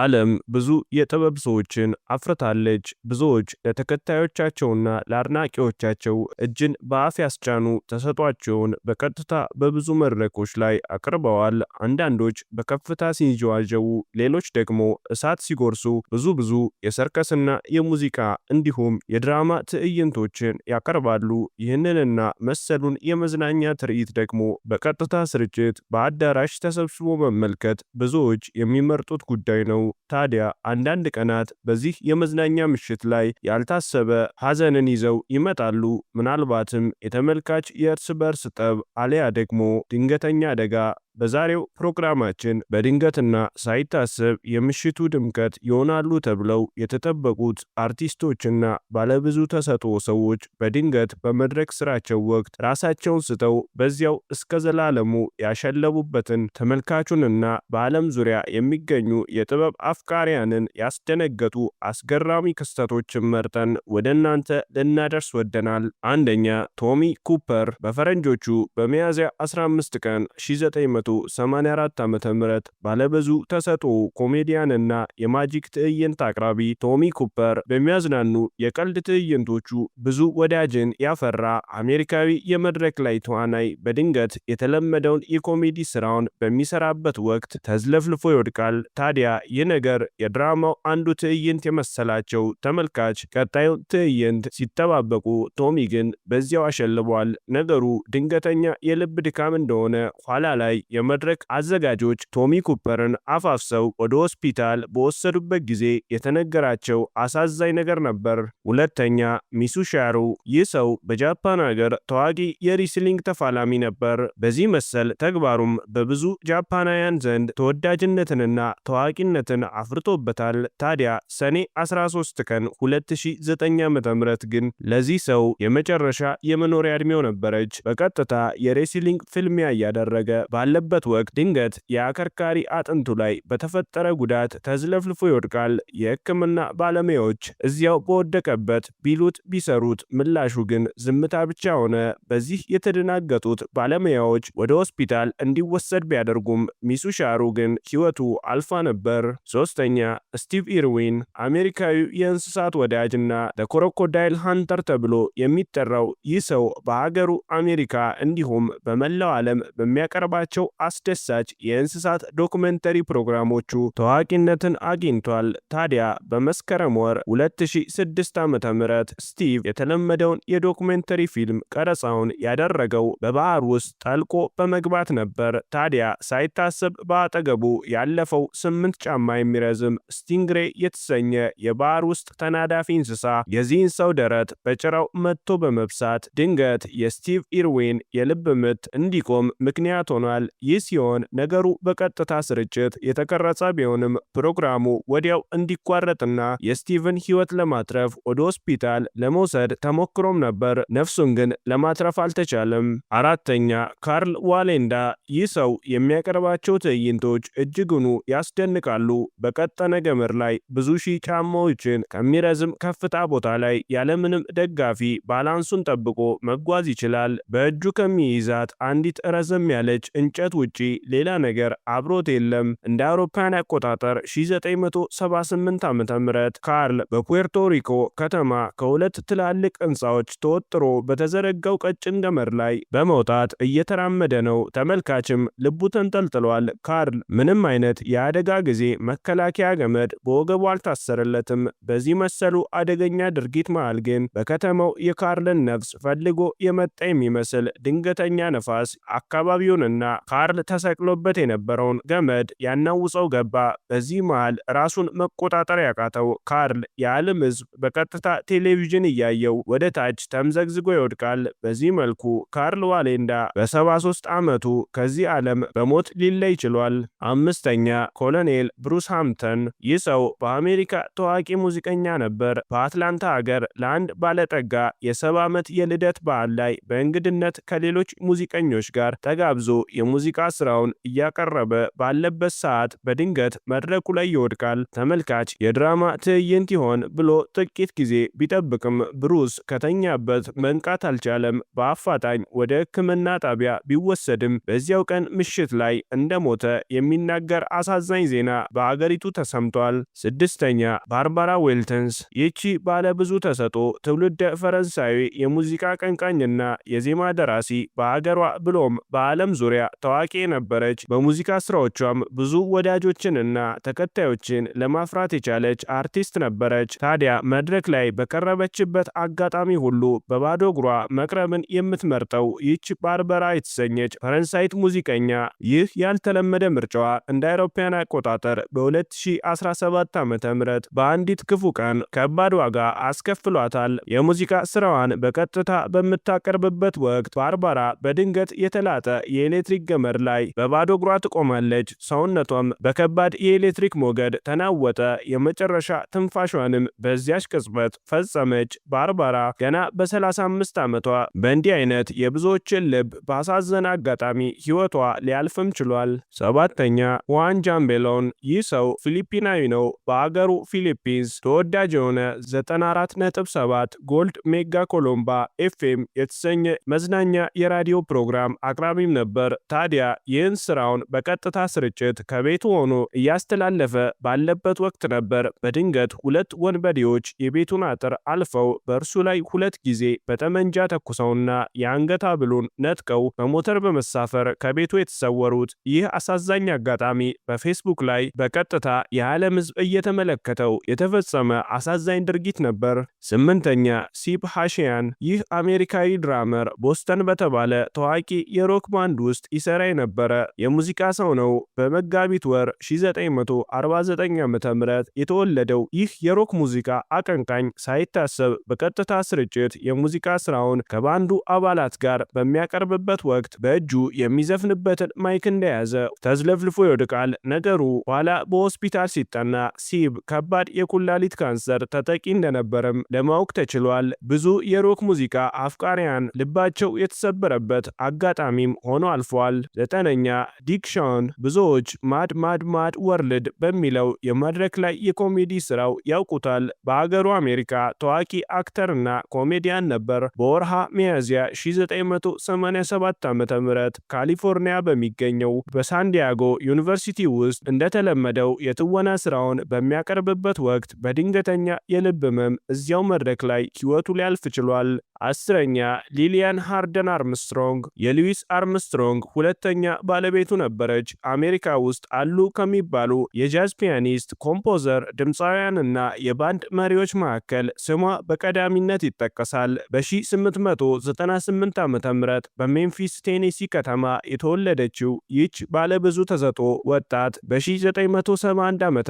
ዓለም ብዙ የጥበብ ሰዎችን አፍርታለች። ብዙዎች ለተከታዮቻቸውና ለአድናቂዎቻቸው እጅን በአፍ ያስጫኑ ተሰጧቸውን በቀጥታ በብዙ መድረኮች ላይ አቅርበዋል። አንዳንዶች በከፍታ ሲንዣዋዣው፣ ሌሎች ደግሞ እሳት ሲጎርሱ ብዙ ብዙ የሰርከስና የሙዚቃ እንዲሁም የድራማ ትዕይንቶችን ያቀርባሉ። ይህንንና መሰሉን የመዝናኛ ትርኢት ደግሞ በቀጥታ ስርጭት በአዳራሽ ተሰብስቦ መመልከት ብዙዎች የሚመርጡት ጉዳይ ነው። ነው። ታዲያ አንዳንድ ቀናት በዚህ የመዝናኛ ምሽት ላይ ያልታሰበ ሐዘንን ይዘው ይመጣሉ። ምናልባትም የተመልካች የእርስ በርስ ጠብ አሊያ ደግሞ ድንገተኛ አደጋ በዛሬው ፕሮግራማችን በድንገትና ሳይታሰብ የምሽቱ ድምቀት ይሆናሉ ተብለው የተጠበቁት አርቲስቶችና ባለብዙ ተሰጥኦ ሰዎች በድንገት በመድረክ ስራቸው ወቅት ራሳቸውን ስተው በዚያው እስከ ዘላለሙ ያሸለቡበትን ተመልካቹንና በዓለም ዙሪያ የሚገኙ የጥበብ አፍቃሪያንን ያስደነገጡ አስገራሚ ክስተቶችን መርጠን ወደ እናንተ ልናደርስ ወደናል። አንደኛ ቶሚ ኩፐር በፈረንጆቹ በሚያዝያ 15 ቀን ሺ9.። 84 ዓ ም ባለብዙ ተሰጥኦ ኮሜዲያንና የማጂክ ትዕይንት አቅራቢ ቶሚ ኩፐር በሚያዝናኑ የቀልድ ትዕይንቶቹ ብዙ ወዳጅን ያፈራ አሜሪካዊ የመድረክ ላይ ተዋናይ በድንገት የተለመደውን የኮሜዲ ስራውን በሚሰራበት ወቅት ተዝለፍልፎ ይወድቃል። ታዲያ ይህ ነገር የድራማው አንዱ ትዕይንት የመሰላቸው ተመልካች ቀጣዩን ትዕይንት ሲጠባበቁ፣ ቶሚ ግን በዚያው አሸልቧል። ነገሩ ድንገተኛ የልብ ድካም እንደሆነ ኋላ ላይ የመድረክ አዘጋጆች ቶሚ ኩፐርን አፋፍሰው ወደ ሆስፒታል በወሰዱበት ጊዜ የተነገራቸው አሳዛኝ ነገር ነበር። ሁለተኛ ሚሱሻሩ፣ ይህ ሰው በጃፓን ሀገር ታዋቂ የሪስሊንግ ተፋላሚ ነበር። በዚህ መሰል ተግባሩም በብዙ ጃፓናውያን ዘንድ ተወዳጅነትንና ታዋቂነትን አፍርቶበታል። ታዲያ ሰኔ 13 ቀን 2009 ዓ ም ግን ለዚህ ሰው የመጨረሻ የመኖሪያ ዕድሜው ነበረች። በቀጥታ የሬስሊንግ ፍልሚያ እያደረገ ባለበት በሚወድቅበት ወቅት ድንገት የአከርካሪ አጥንቱ ላይ በተፈጠረ ጉዳት ተዝለፍልፎ ይወድቃል። የህክምና ባለሙያዎች እዚያው በወደቀበት ቢሉት ቢሰሩት ምላሹ ግን ዝምታ ብቻ ሆነ። በዚህ የተደናገጡት ባለሙያዎች ወደ ሆስፒታል እንዲወሰድ ቢያደርጉም ሚሱ ሻሩ ግን ሕይወቱ አልፋ ነበር። ሶስተኛ ስቲቭ ኢርዊን አሜሪካዊው የእንስሳት ወዳጅ እና ኮሮኮዳይል ሃንተር ተብሎ የሚጠራው ይህ ሰው በሀገሩ አሜሪካ እንዲሁም በመላው ዓለም በሚያቀርባቸው አስደሳች የእንስሳት ዶኩመንተሪ ፕሮግራሞቹ ታዋቂነትን አግኝቷል። ታዲያ በመስከረም ወር 2006 ዓ.ም ስቲቭ የተለመደውን የዶኩሜንተሪ ፊልም ቀረጻውን ያደረገው በባህር ውስጥ ጠልቆ በመግባት ነበር። ታዲያ ሳይታሰብ በአጠገቡ ያለፈው ስምንት ጫማ የሚረዝም ስቲንግሬ የተሰኘ የባህር ውስጥ ተናዳፊ እንስሳ የዚህን ሰው ደረት በጭራው መጥቶ በመብሳት ድንገት የስቲቭ ኢርዊን የልብ ምት እንዲቆም ምክንያት ሆኗል። ይህ ሲሆን ነገሩ በቀጥታ ስርጭት የተቀረጸ ቢሆንም ፕሮግራሙ ወዲያው እንዲቋረጥና የስቲቭን ሕይወት ለማትረፍ ወደ ሆስፒታል ለመውሰድ ተሞክሮም ነበር። ነፍሱን ግን ለማትረፍ አልተቻለም። አራተኛ ካርል ዋሌንዳ። ይህ ሰው የሚያቀርባቸው ትዕይንቶች እጅግኑ ያስደንቃሉ። በቀጠነ ገመድ ላይ ብዙ ሺህ ጫማዎችን ከሚረዝም ከፍታ ቦታ ላይ ያለምንም ደጋፊ ባላንሱን ጠብቆ መጓዝ ይችላል። በእጁ ከሚይዛት አንዲት ረዘም ያለች እንጨት ከጭነት ውጪ ሌላ ነገር አብሮት የለም። እንደ አውሮፓን አቆጣጠር 1978 ዓ ም ካርል በፑርቶ ሪኮ ከተማ ከሁለት ትላልቅ ሕንፃዎች ተወጥሮ በተዘረጋው ቀጭን ገመድ ላይ በመውጣት እየተራመደ ነው። ተመልካችም ልቡ ተንጠልጥሏል። ካርል ምንም አይነት የአደጋ ጊዜ መከላከያ ገመድ በወገቡ አልታሰረለትም። በዚህ መሰሉ አደገኛ ድርጊት መሃል ግን በከተማው የካርልን ነፍስ ፈልጎ የመጣ የሚመስል ድንገተኛ ነፋስ አካባቢውንና ካርል ተሰቅሎበት የነበረውን ገመድ ያናውፀው ገባ። በዚህ መሃል ራሱን መቆጣጠር ያቃተው ካርል የዓለም ሕዝብ በቀጥታ ቴሌቪዥን እያየው ወደ ታች ተምዘግዝጎ ይወድቃል። በዚህ መልኩ ካርል ዋሌንዳ በ73 ዓመቱ ከዚህ ዓለም በሞት ሊለይ ችሏል። አምስተኛ ኮሎኔል ብሩስ ሃምተን። ይህ ሰው በአሜሪካ ታዋቂ ሙዚቀኛ ነበር። በአትላንታ ሀገር ለአንድ ባለጠጋ የሰባ ዓመት የልደት በዓል ላይ በእንግድነት ከሌሎች ሙዚቀኞች ጋር ተጋብዞ የሙዚ የሙዚቃ ስራውን እያቀረበ ባለበት ሰዓት በድንገት መድረኩ ላይ ይወድቃል። ተመልካች የድራማ ትዕይንት ይሆን ብሎ ጥቂት ጊዜ ቢጠብቅም ብሩስ ከተኛበት መንቃት አልቻለም። በአፋጣኝ ወደ ሕክምና ጣቢያ ቢወሰድም በዚያው ቀን ምሽት ላይ እንደሞተ የሚናገር አሳዛኝ ዜና በአገሪቱ ተሰምቷል። ስድስተኛ ባርባራ ዌልተንስ ይቺ ባለ ብዙ ተሰጦ፣ ትውልደ ፈረንሳዊ የሙዚቃ ቀንቃኝና የዜማ ደራሲ በአገሯ ብሎም በዓለም ዙሪያ ተዋ ታዋቂ የነበረች በሙዚቃ ስራዎቿም ብዙ ወዳጆችንና ተከታዮችን ለማፍራት የቻለች አርቲስት ነበረች። ታዲያ መድረክ ላይ በቀረበችበት አጋጣሚ ሁሉ በባዶ እግሯ መቅረብን የምትመርጠው ይች ባርበራ የተሰኘች ፈረንሳይት ሙዚቀኛ ይህ ያልተለመደ ምርጫዋ እንደ አውሮፓውያን አቆጣጠር በ2017 ዓ ም በአንዲት ክፉ ቀን ከባድ ዋጋ አስከፍሏታል። የሙዚቃ ስራዋን በቀጥታ በምታቀርብበት ወቅት ባርባራ በድንገት የተላጠ የኤሌክትሪክ ገመድ ገመድ ላይ በባዶ እግሯ ትቆማለች። ሰውነቷም በከባድ የኤሌክትሪክ ሞገድ ተናወጠ። የመጨረሻ ትንፋሿንም በዚያች ቅጽበት ፈጸመች። ባርባራ ገና በ35 ዓመቷ በእንዲህ አይነት የብዙዎችን ልብ በአሳዘነ አጋጣሚ ሕይወቷ ሊያልፍም ችሏል። ሰባተኛ ዋን ጃምቤሎን። ይህ ሰው ፊሊፒናዊ ነው። በአገሩ ፊሊፒንስ ተወዳጅ የሆነ 94.7 ጎልድ ሜጋ ኮሎምባ ኤፍኤም የተሰኘ መዝናኛ የራዲዮ ፕሮግራም አቅራቢም ነበር። ታዲያ ሚዲያ ይህን ስራውን በቀጥታ ስርጭት ከቤቱ ሆኖ እያስተላለፈ ባለበት ወቅት ነበር በድንገት ሁለት ወንበዴዎች የቤቱን አጥር አልፈው በእርሱ ላይ ሁለት ጊዜ በጠመንጃ ተኩሰውና የአንገት ሐብሉን ነጥቀው በሞተር በመሳፈር ከቤቱ የተሰወሩት። ይህ አሳዛኝ አጋጣሚ በፌስቡክ ላይ በቀጥታ የዓለም ሕዝብ እየተመለከተው የተፈጸመ አሳዛኝ ድርጊት ነበር። ስምንተኛ ሲፕሃሺያን ይህ አሜሪካዊ ድራመር ቦስተን በተባለ ታዋቂ የሮክ ባንድ ውስጥ ይሰራ የነበረ የሙዚቃ ሰው ነው። በመጋቢት ወር 1949 ዓ.ም የተወለደው ይህ የሮክ ሙዚቃ አቀንቃኝ ሳይታሰብ በቀጥታ ስርጭት የሙዚቃ ስራውን ከባንዱ አባላት ጋር በሚያቀርብበት ወቅት በእጁ የሚዘፍንበትን ማይክ እንደያዘ ተዝለፍልፎ ይወድቃል። ነገሩ ኋላ በሆስፒታል ሲጠና ሲብ ከባድ የኩላሊት ካንሰር ተጠቂ እንደነበረም ለማወቅ ተችሏል። ብዙ የሮክ ሙዚቃ አፍቃሪያን ልባቸው የተሰበረበት አጋጣሚም ሆኖ አልፏል። ዘጠነኛ ዲክሽን ብዙዎች ማድ ማድ ማድ ወርልድ በሚለው የመድረክ ላይ የኮሜዲ ስራው ያውቁታል። በአገሩ አሜሪካ ታዋቂ አክተርና ኮሜዲያን ነበር። በወርሃ ሚያዝያ 1987 ዓ ም ካሊፎርኒያ በሚገኘው በሳንዲያጎ ዩኒቨርሲቲ ውስጥ እንደተለመደው የትወና ስራውን በሚያቀርብበት ወቅት በድንገተኛ የልብ ህመም እዚያው በዚያው መድረክ ላይ ሕይወቱ ሊያልፍ ችሏል። አስረኛ ሊሊያን ሃርደን አርምስትሮንግ የሉዊስ አርምስትሮንግ ሁለተኛ ባለቤቱ ነበረች። አሜሪካ ውስጥ አሉ ከሚባሉ የጃዝ ፒያኒስት፣ ኮምፖዘር፣ ድምፃውያንና የባንድ መሪዎች መካከል ስሟ በቀዳሚነት ይጠቀሳል። በ1898 ዓ ም በሜምፊስ ቴኔሲ ከተማ የተወለደችው ይህች ባለብዙ ተሰጦ ወጣት በ1971 ዓ ም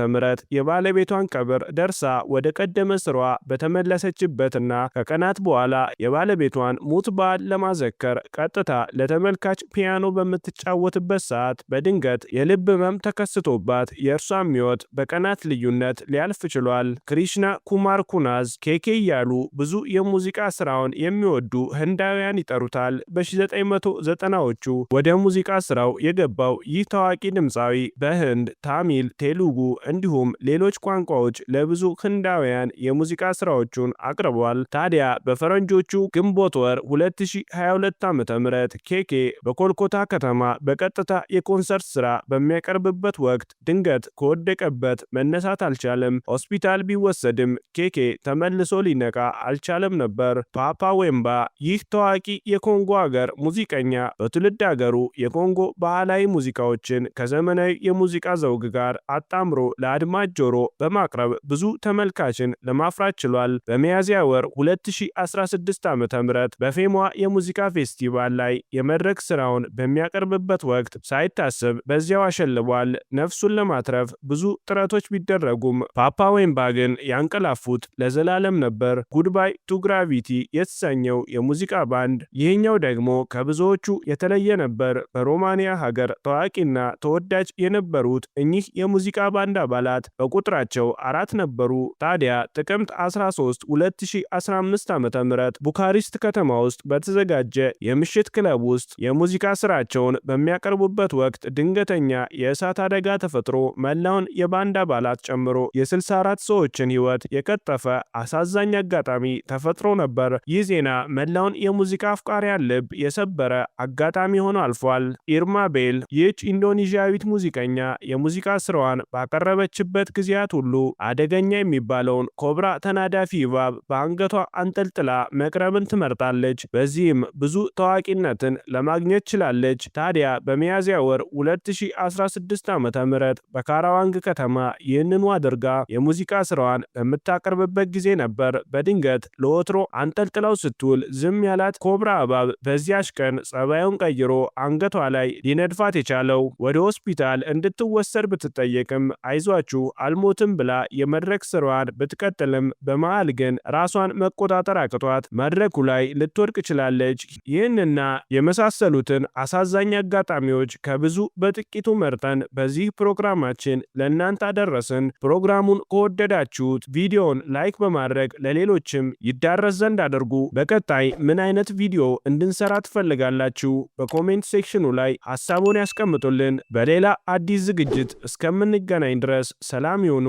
የባለቤቷን ቀብር ደርሳ ወደ ቀደመ ስሯ በተመ የተመለሰችበትና ከቀናት በኋላ የባለቤቷን ሙት ባል ለማዘከር ቀጥታ ለተመልካች ፒያኖ በምትጫወትበት ሰዓት በድንገት የልብ ህመም ተከስቶባት የእርሷም ህይወት በቀናት ልዩነት ሊያልፍ ችሏል። ክሪሽና ኩማር ኩናዝ ኬኬ እያሉ ብዙ የሙዚቃ ስራውን የሚወዱ ህንዳውያን ይጠሩታል። በ1990ዎቹ ወደ ሙዚቃ ስራው የገባው ይህ ታዋቂ ድምፃዊ በህንድ ታሚል፣ ቴሉጉ እንዲሁም ሌሎች ቋንቋዎች ለብዙ ህንዳውያን የሙዚቃ ስራዎች ሀሳቦቹን አቅርቧል። ታዲያ በፈረንጆቹ ግንቦት ወር 2022 ዓ ም ኬኬ በኮልኮታ ከተማ በቀጥታ የኮንሰርት ስራ በሚያቀርብበት ወቅት ድንገት ከወደቀበት መነሳት አልቻለም። ሆስፒታል ቢወሰድም ኬኬ ተመልሶ ሊነቃ አልቻለም ነበር። ፓፓ ዌምባ ይህ ታዋቂ የኮንጎ አገር ሙዚቀኛ በትውልድ አገሩ የኮንጎ ባህላዊ ሙዚቃዎችን ከዘመናዊ የሙዚቃ ዘውግ ጋር አጣምሮ ለአድማጭ ጆሮ በማቅረብ ብዙ ተመልካችን ለማፍራት ችሏል። በሚያዝያ ወር 2016 ዓ ም በፌሟ የሙዚቃ ፌስቲቫል ላይ የመድረክ ስራውን በሚያቀርብበት ወቅት ሳይታስብ በዚያው አሸልቧል። ነፍሱን ለማትረፍ ብዙ ጥረቶች ቢደረጉም ፓፓ ወምባ ግን ያንቀላፉት ለዘላለም ነበር። ጉድባይ ቱ ግራቪቲ የተሰኘው የሙዚቃ ባንድ፣ ይህኛው ደግሞ ከብዙዎቹ የተለየ ነበር። በሮማንያ ሀገር ታዋቂና ተወዳጅ የነበሩት እኚህ የሙዚቃ ባንድ አባላት በቁጥራቸው አራት ነበሩ። ታዲያ ጥቅምት 13 23 2015 ዓ ም ቡካሪስት ከተማ ውስጥ በተዘጋጀ የምሽት ክለብ ውስጥ የሙዚቃ ስራቸውን በሚያቀርቡበት ወቅት ድንገተኛ የእሳት አደጋ ተፈጥሮ መላውን የባንድ አባላት ጨምሮ የ64 ሰዎችን ህይወት የቀጠፈ አሳዛኝ አጋጣሚ ተፈጥሮ ነበር። ይህ ዜና መላውን የሙዚቃ አፍቃሪያን ልብ የሰበረ አጋጣሚ ሆኖ አልፏል። ኢርማ ቤል ይህች ኢንዶኔዥያዊት ሙዚቀኛ የሙዚቃ ስራዋን ባቀረበችበት ጊዜያት ሁሉ አደገኛ የሚባለውን ኮብራ ተናዳፊ ሺባብ በአንገቷ አንጠልጥላ መቅረብን ትመርጣለች። በዚህም ብዙ ታዋቂነትን ለማግኘት ችላለች። ታዲያ በሚያዝያ ወር 2016 ም በካራዋንግ ከተማ ይህንኑ አድርጋ የሙዚቃ ስራዋን በምታቀርብበት ጊዜ ነበር በድንገት ለወትሮ አንጠልጥለው ስትውል ዝም ያላት ኮብራ እባብ በዚያች ቀን ጸባዩን ቀይሮ አንገቷ ላይ ሊነድፋት የቻለው ወደ ሆስፒታል እንድትወሰድ ብትጠየቅም አይዟችሁ አልሞትም ብላ የመድረክ ስራዋን ብትቀጥልም በመሃል በመሃል ግን ራሷን መቆጣጠር አቅቷት መድረኩ ላይ ልትወድቅ ችላለች። ይህንና የመሳሰሉትን አሳዛኝ አጋጣሚዎች ከብዙ በጥቂቱ መርጠን በዚህ ፕሮግራማችን ለእናንተ አደረስን። ፕሮግራሙን ከወደዳችሁት ቪዲዮን ላይክ በማድረግ ለሌሎችም ይዳረስ ዘንድ አድርጉ። በቀጣይ ምን አይነት ቪዲዮ እንድንሰራ ትፈልጋላችሁ? በኮሜንት ሴክሽኑ ላይ ሀሳቡን ያስቀምጡልን። በሌላ አዲስ ዝግጅት እስከምንገናኝ ድረስ ሰላም ይሁኑ።